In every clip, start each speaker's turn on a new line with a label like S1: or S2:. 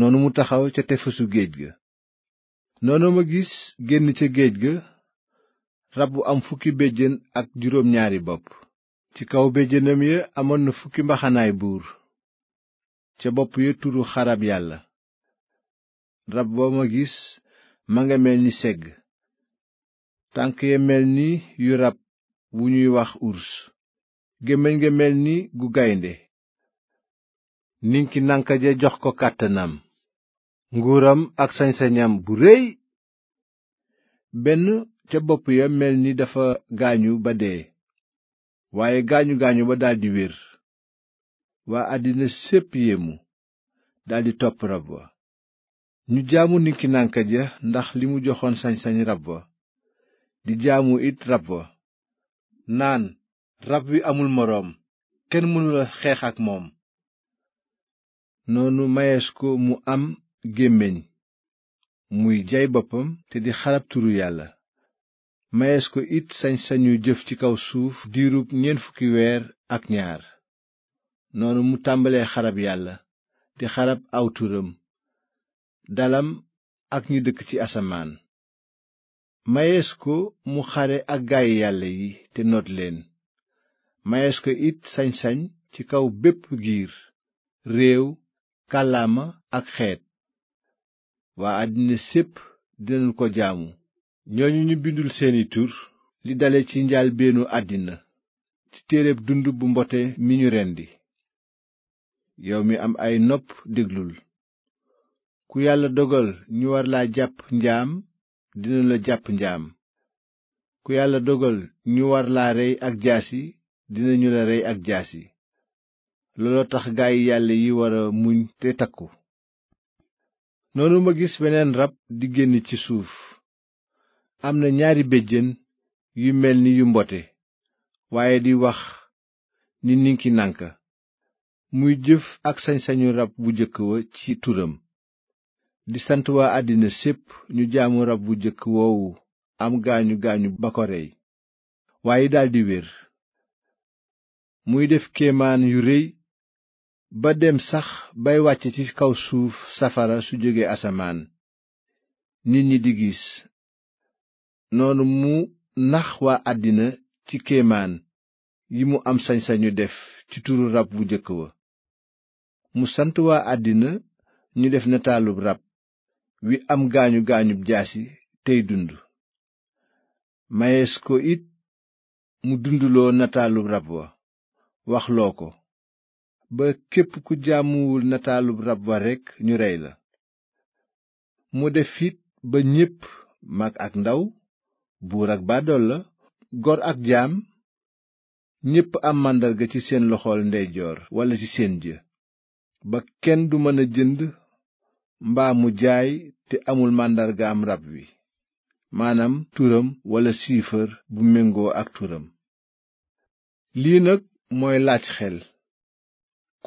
S1: noonu mu taxaw ca tefesu géej ga noonu ma gis génn ca géej ga rab bu am fukki béjjén ak juróom ñaari bopp ci kaw béjjénam ya amoon na fukki mbaxanaay buur ca bopp ya turu xarab yàlla rab ba ma gis ma nga mel ni segg tànk ya mel ni yu rab wu ñuy wax urs gémmiñ nga mel ni gu gaynde ninki nanka ja jox ko kàttanam nguuram ak sañ bu réy benn ca bopp ya mel ni dafa gaañu ba dee waaye gaañu-gaañu ba daldi wér waa àddina sépp yéemu daldi topp rab wa ñu jaamu niki nànkat ya ndax li mu joxoon sañsañ sañ rab wa di jaamu it rab wa naan rab wi amul moroom kenn mënula xeex ak moom noonu mayees ko mu am gémmiñ muy jaay boppam te di xarab turu yàlla mayees ko it sañ-sañu jëf ci kaw suuf diirub ñeent fukki weer ak ñaar noonu mu tàmbalee xarab yàlla di xarab aw turam dalam ak ñu dëkk ci asamaan mayees ko mu xare ak gaay yàlla yi te noot leen mayees ko it sañsañ ci kaw bépp giir réew kàllaama ak xeet waa àddina sépp dinañu ko jaamu ñooñu ñu bindul seeni tur li dale ci njaalbeenu àddina ci téereb dund bu mbote mi ñu rendi yow mi am ay nopp déglul ku yàlla dogal ñu war laa jàpp njaam dina la jàpp njaam ku yàlla dogal ñu war laa rey ak jaasi dinañu la rey ak jaasi looloo tax gaay yàlla yi war a muñ te takku noonu ma gis weneen rab di génn ci suuf am na ñaari béjjén yu mel ni yu mbote waaye di wax ni ninki nànka muy jëf ak sañ-sañu rab bu jëkk wa ci turam di sant waa àddina sépp ñu jaamu rab bu jëkk woowu am gaañu gaañu ba ko rey waaye daldi wér muy def kéemaan yu rëy ba dem sax bay wàcc ci kaw suuf safara su jóge asamaan nit ñi di gis noonu mu nax waa àddina ci kéemaan yi mu am sañ-sañu def ci turu rab wu jëkk wa mu sant waa àddina ñu def nataalub rab wi am gaañu gaañub jaasi tey dund mayees ko it mu dunduloo nataalub rab wa waxloo ko ba képp ku jaamuwul nataalub rab wa rekk ñu rey la mu def it ba ñépp mag ak ndaw buur ak la gor ak jaam ñépp am màndarga ci seen loxool ndeyjoor walla ci seen jë ba kenn du mën a jënd mbaamu jaay te amul màndargaam rab wi maanaam turam walla siifar bu méngoo ak turam nag mooy laaj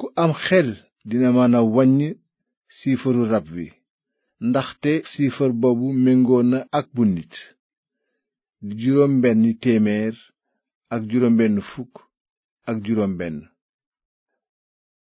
S1: ku am xel dina mën a wàññi siifaru rab wi ndaxte siifar boobu méngoo na ak bu nit di juróom benn téeméer ak juróom benn fukk ak juróom benn